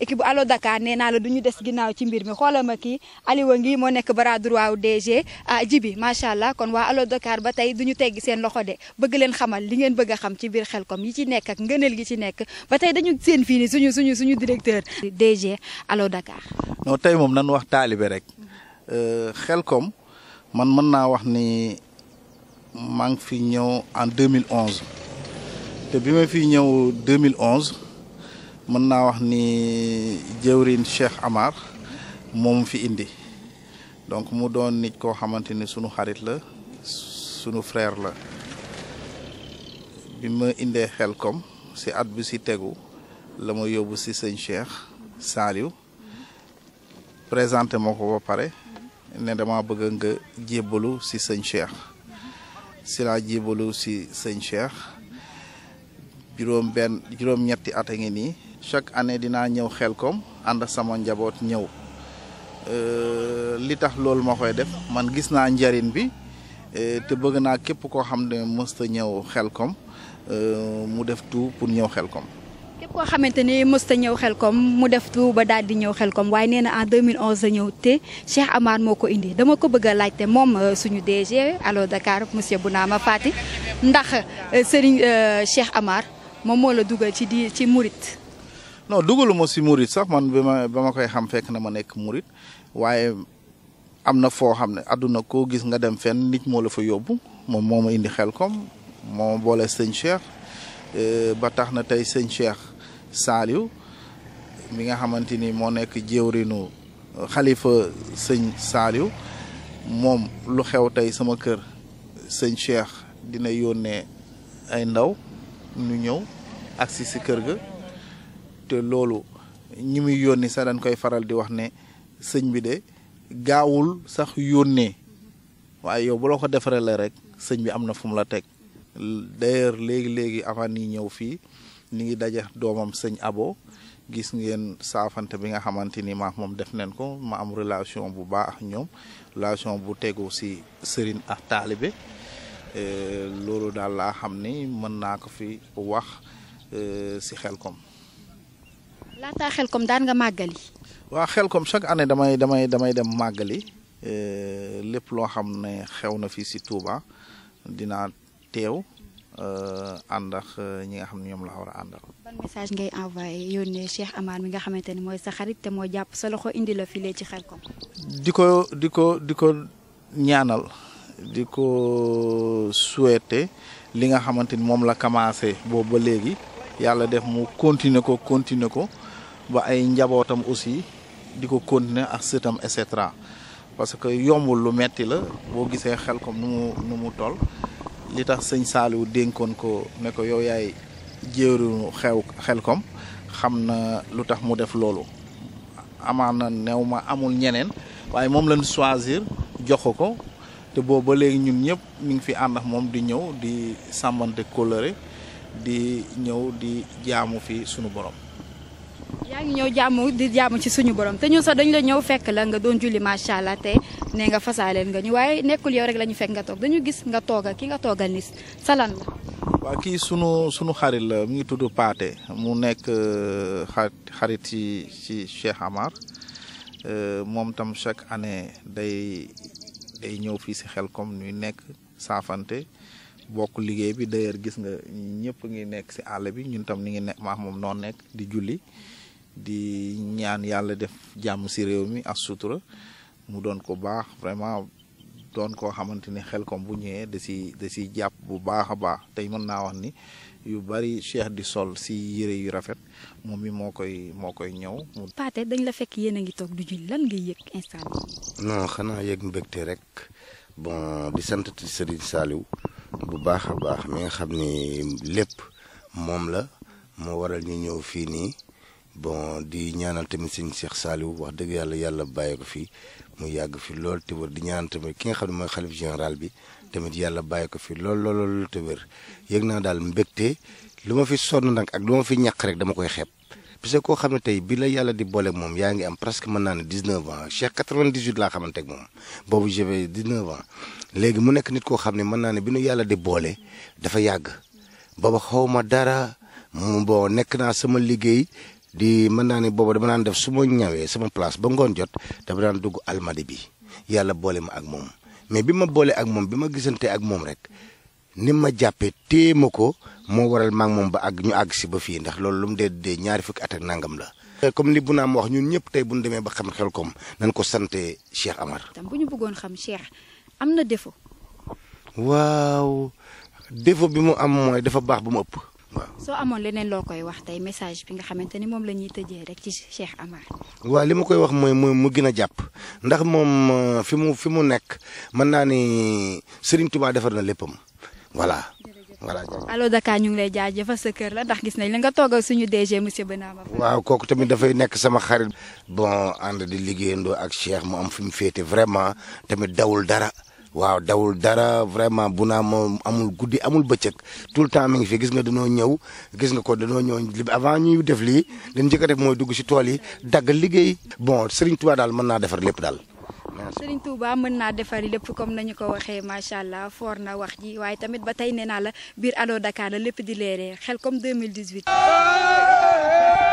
équipe bu Allo Dakar nee naa la du ñu des ginnaaw ci mbir mi xoolal ma kii Aliou ngi moo nekk bras droit wu DG ah jibi macha allah kon waa Allo Dakar ba tey du ñu tegg seen loxo de bëgg leen xamal li ngeen bëgg a xam ci biir Xelcom yi ci nekk ak ngëneel gi ci nekk ba tey dañu seen fii ni suñu suñu suñu directeur DG Allo Dakar. noo tey moom nan wax taalibe rek euh, Xelcom man mën naa wax ni maa fi ñëw en 2011 te bi ma fi ñëw 2011. mën naa wax ni jëwrin Cheikh Amar moom fi indi donc mu doon nit koo xamante ni sunu xarit la sunu frère la bi ma indee xel kom at bi si tegu la ma yóbbu si sëñ Cheikh saliw présenté ba pare ne dama bëgg nga si sëñ Cheikh si laa si sëñ Cheikh juróom benn juróom ñetti at chaque année dinaa ñëw Xelkom ànd ak sama njaboot ñëw euh, li tax loolu ma koy def man gis naa njariñ bi euh, te bëgg naa képp koo xam ne mësta ñëw Xelkom euh, mu def tout pour ñëw Xelkom. képp koo xamante ni mësta ñëw Xelkom mu def tout ba daal di ñëw Xelkom waaye nee na en 2011 la ñëw te Cheikh Amar moo ko indi dama ko bëgg a laajte moom suñu DG Allo Dakar naa ma Fati ndax Serigne Cheikh Amar moom moo la dugal ci di ci Murit. non dugaluma si murit sax man bi ma ba ma koy xam fekk na ma nekk murit waaye am na foo xam ne àdduna koo gis nga dem fenn nit moo la fa yóbbu moom moo ma indi xel kom moo ma boole sëñ Cheikh euh, ba tax na tey sëñ Cheikh Saliou mi nga xamante ni moo nekk jëwrinu xalifa sëñ Saliou moom lu xew tey sama kër sëñ Cheikh dina yónnee ay ndaw ñu ñëw ak agsi si kër ga te loolu ñi muy yónni sax dañ koy faral di wax ne sëñ bi de gaawul sax yónnee waaye yow bu la ko defaree le rek sëñ bi am na fu la teg d'ailleurs léegi-léegi avant ni ñëw fii ni ngi daje doomam sëñ abo gis ngeen saafante bi nga xamante ni moom def neen ko ma am relation bu baax ñoom relation bu tegu ci sëriñ ak taalibe euh, loolu daal laa xam ni mën naa ko fi wax euh, ci kom laataa xelkom daan nga màggali. waa xelkom chaque année damay damay damay dem màggali lépp loo xam ne xew na fii si Touba dinaa teew ànd ak ñi nga xam ne ñoom la war a àndal. ban message ngay envoyé yónnee Cheikh Amar mi nga xamante ne mooy sa xarit te moo jàpp sa loxo indi la file ci xelkom. di ko di ko di ko ñaanal di ko souhaité li nga xamante ni moom la commencé boobu ba léegi yàlla def mu continuer ko continuer ko. ba ay njabootam aussi di ko continuer ak sëtam et cetera parce que yombul lu metti la boo gisee xel comme nu mu nu mu toll li tax sëñ Saliou dénkoon ko ne ko yow yaay jéeru xew xel kom xam na lu tax mu def loolu amaana new ma amul ñeneen waaye moom lañ choisir jox ko te booba léegi ñun ñëpp ñu ngi fi ànd ak moom di ñëw di sàmmante kóllëre di ñëw di jaamu fi sunu borom yaa ngi ñëw jàmm di jàmm ci suñu borom te ñun sax dañu la ñëw fekk la nga doon julli macha allah te ne nga fasaaleen nga ñu waaye nekkul yow rek la fekk nga toog dañu gis nga toogal ki nga toogal ni salan la waaw kii sunu sunu xarit la mi ngi tudd Paate mu nekk euh, xarit ci ci Cheikh Amar euh, moom tam chaque année day day ñëw fii si xel comme ñuy nekk saafante bokk liggéey bi d'ailleurs gis nga ñëpp ngi nekk si àll bi ñun tam ni ngi nekk maa moom noonu nekk di julli di ñaan yàlla def jàmm si réew mi ak sutura mu doon ko baax vraiment doon koo xamante ni xel kom bu ñëwee da si da si jàpp bu baax a baax tey mën naa wax ni yu bari Cheikh di sol si yére yu rafet moom mi moo koy moo koy ñëw. Pathé dañ la fekk yéen a ngi toog du julli lan ngay yëg instant bi. non xanaa yëg mbégte rek bon di sant Serigne Saliou bu baax a baax mi nga xam ni lépp moom la moo waral ñu ñëw fii nii. bon di ñaanal tamit sëñ Cheikh Saliou wax dëgg yàlla yàlla bàyyi ko fii mu yàgg fi loolu te wér di ñaanal tamit ki nga xam ne mooy xalif général bi tamit yàlla bàyyi ko fi lool lool lool te yëg naa daal mbégte lu ma fi sonn nag ak lu ma fi ñàkk rek dama koy xepp parce que koo xam ne tey bi la yàlla di boole moom yaa ngi am presque mën naa ne 19 ans Cheikh 98 laa xamante ak moom boobu j'avais 19 ans léegi mu nekk nit koo xam ne mën naa ne bi nu yàlla di boole dafa yàgg booba xaw ma dara mu nekk naa sama liggéey. di mana naa ne di dama daan def su ma ñawee sama place ba ngoon jot dama daan dugg almadi bi yàlla boole ma ak moom mais bi ma boole ak moom bi ma gisante ak moom rek ni ma jàppee téye moko ko moo waral maa moom ba ag ñu àgg si ba fii ndax loolu lu mu dee dee ñaari fukki at ak nangam la comme ni bu naam wax ñun ñëpp tey bu ba xam xel kom nañ ko sante cheikh amar tam bu ñu bëggoon xam cheikh am na défaut waaw défaut bi mu am mooy dafa baax bu mu ëpp waaw soo amoon leneen loo koy wax tey message bi nga xamante ni moom la ñuy tëjee rek ci Cheikh Amar. waa li ma koy wax mooy mu gën a jàpp ndax moom euh, fi mu fi mu nekk mën naa ni Serigne Touba defar na léppam voilà. voilà Allo Dakar ñu ngi lay jaajëfal sa kër la ndax gis nañ la nga toogal suñu DG monsieur Benama. waaw kooku tamit dafay nekk sama xarit. bon ànd di liggéeyandoo ak Cheikh mu am fi mu féete vraiment tamit dawul dara. waaw dawul dara vraiment bu naa moom amul guddi amul bëccëg tout le temps mi ngi fi gis nga dañoo ñëw gis nga ko dañoo ñëw li avant ñuy def lii dañ njëkk a def mooy dugg si tool yi dagg liggéey bon Serigne Touba daal mën naa defar lépp daal. Serigne Touba mën naa defar lépp comme nañu ko waxee macha allah foor na wax ji waaye tamit ba tey nee naa la biir Allo Dakar la lépp di leeree Khelcom 2018.